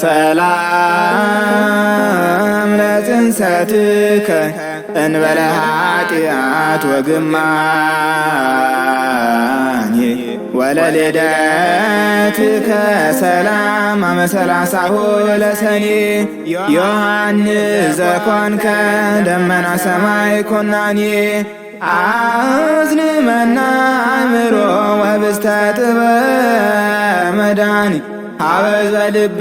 ሰላም ለጽንሰትከ እንበለ ኃጢአት ወግማኒ ወለልደትከ ሰላም አመሰላሳሁ ለሰኒ ዮሐንስ ዘኮንከ ደመና ሰማይ ኮናኒ አዝንመና አእምሮ ወብስተ አበዛ ልብ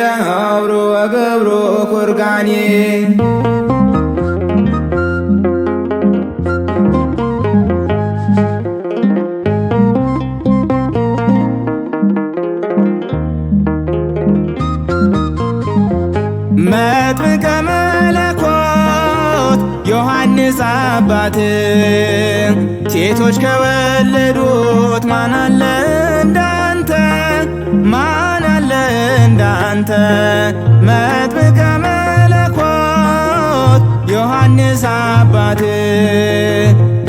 የአብሮ ወገብሮ ኩርጋኔ መጥምቀ መለኮት ዮሐንስ አባት ሴቶች ከወለዱት ማን አለ አንተ መጥምቀ መለኮት ዮሐንስ አባት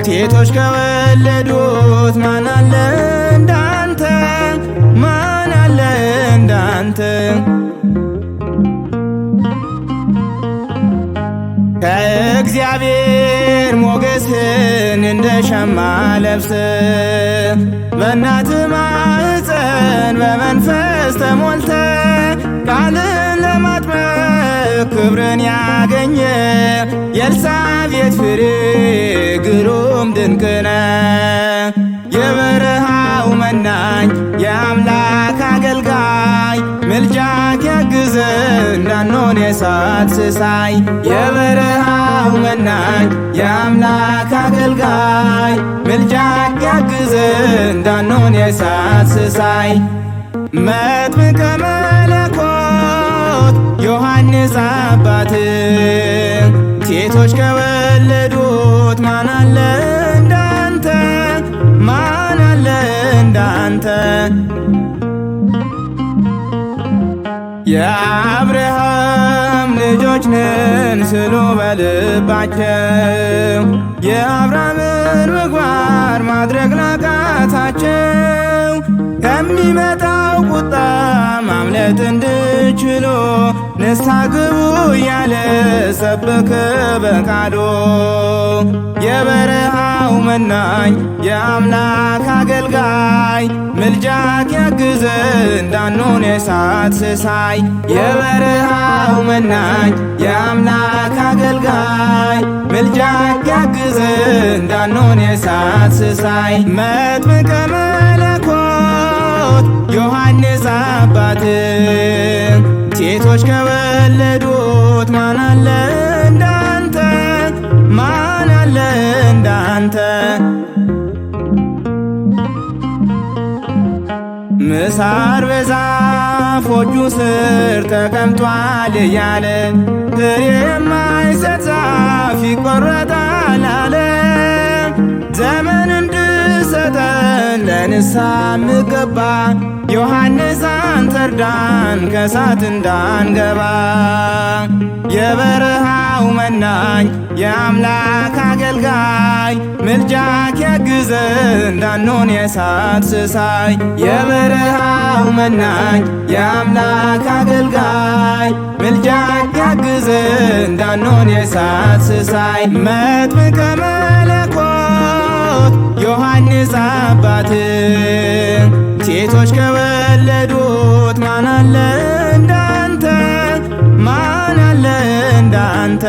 ሴቶች ከወለዱት ማን አለ እንዳንተ ማን አለ እንዳንተ ከእግዚአብሔር ሞገስን እንደ ሸማ ለብሰ በእናት ማህፀን በመንፈስ ተሞልተን። ቃልን ለማጥበቅ ክብርን ያገኘ የኤልሳቤጥ ፍሬ ግሩም ድንቅነ የበረሃው መናኝ የአምላክ አገልጋይ ምልጃክ ያግዘ እንዳንሆን የሳት ስሳይ የበረሃው መናኝ የአምላክ አገልጋይ ምልጃክ ያግዘ እንዳንሆን የሳት ስሳይ መጥምቀመ የቤዛ አባት ሴቶች ከወለዱት ማን አለ እንዳንተ? ማን አለ እንዳንተ? የአብርሃም ልጆች ነን ስሉ በልባቸው የአብርሃምን ምግባር ማድረግ ናቃታቸው ከሚመጣው ቁጣ ማምለጥ ችሎ ንስሐ ግቡ እያለ ሰበከ በቃዶ የበረሃው መናኝ የአምላክ አገልጋይ ምልጃክ ያግዘ እንዳኖን የሳት ስሳይ የበረሃው መናኝ የአምላክ አገልጋይ ምልጃክ ያግዘ እንዳኖን የሳት ስሳይ መጥምቀመ ሴቶች ከወለዱት ማን አለ እንዳንተ? ማን አለ እንዳንተ? ምሳር በዛፎቹ ስር ተቀምጧል እያለ ፍሬ የማይሰጥ ዛፍ ይቆረጣል አለ። ዘመን እንድሰጠን ለንስሐ ምገባ ዮሐንስ አንተርዳን ከሳት እንዳንገባ የበረሃው መናኝ የአምላክ አገልጋይ ምልጃክ ያግዘ እንዳንሆን የሳት ስሳይ የበረሃው መናኝ የአምላክ አገልጋይ ምልጃክ ያግዘ እንዳንሆን የሳት ስሳይ መጥምቀ መለኮት ዮሐንስ አባትን ሴቶች ከወለዱት ማን አለ እንዳንተ? ማን አለ እንዳንተ?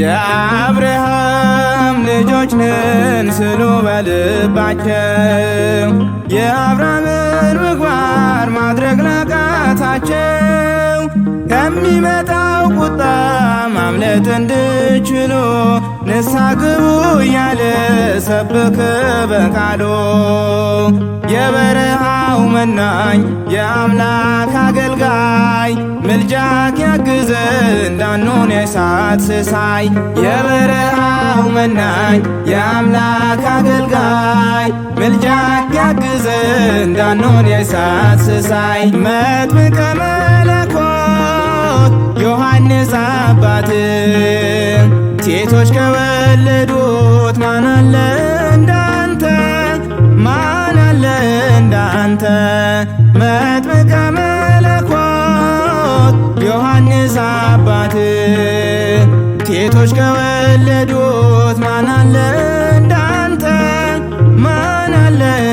የአብርሃም ልጆች ነን ስሉ በልባቸው የአብርሃምን ምግባር ማድረግ ላቃታቸው ከሚመጣው ቁጣ ማምለጥ እንድችሉ ንስሐ ግቡ እያለ ሰብክ በቃሉ የበረሃው መናኝ የአምላክ አገልጋይ ምልጃክ ያግዘ እንዳንሆን የእሳት ስሳይ የበረሃው መናኝ የአምላክ አገልጋይ ምልጃክ ያግዘ እንዳንሆን የእሳት ስሳይ መጥምቀ መለኮት ዮሐንስ ሴቶች ከወለዱት ማን አለ እንዳንተ? ማን አለ እንዳንተ? መጥምቀ መለኮት ዮሐንስ አባት ሴቶች ከወለዱት ማን አለ እንዳንተ? ማን አለ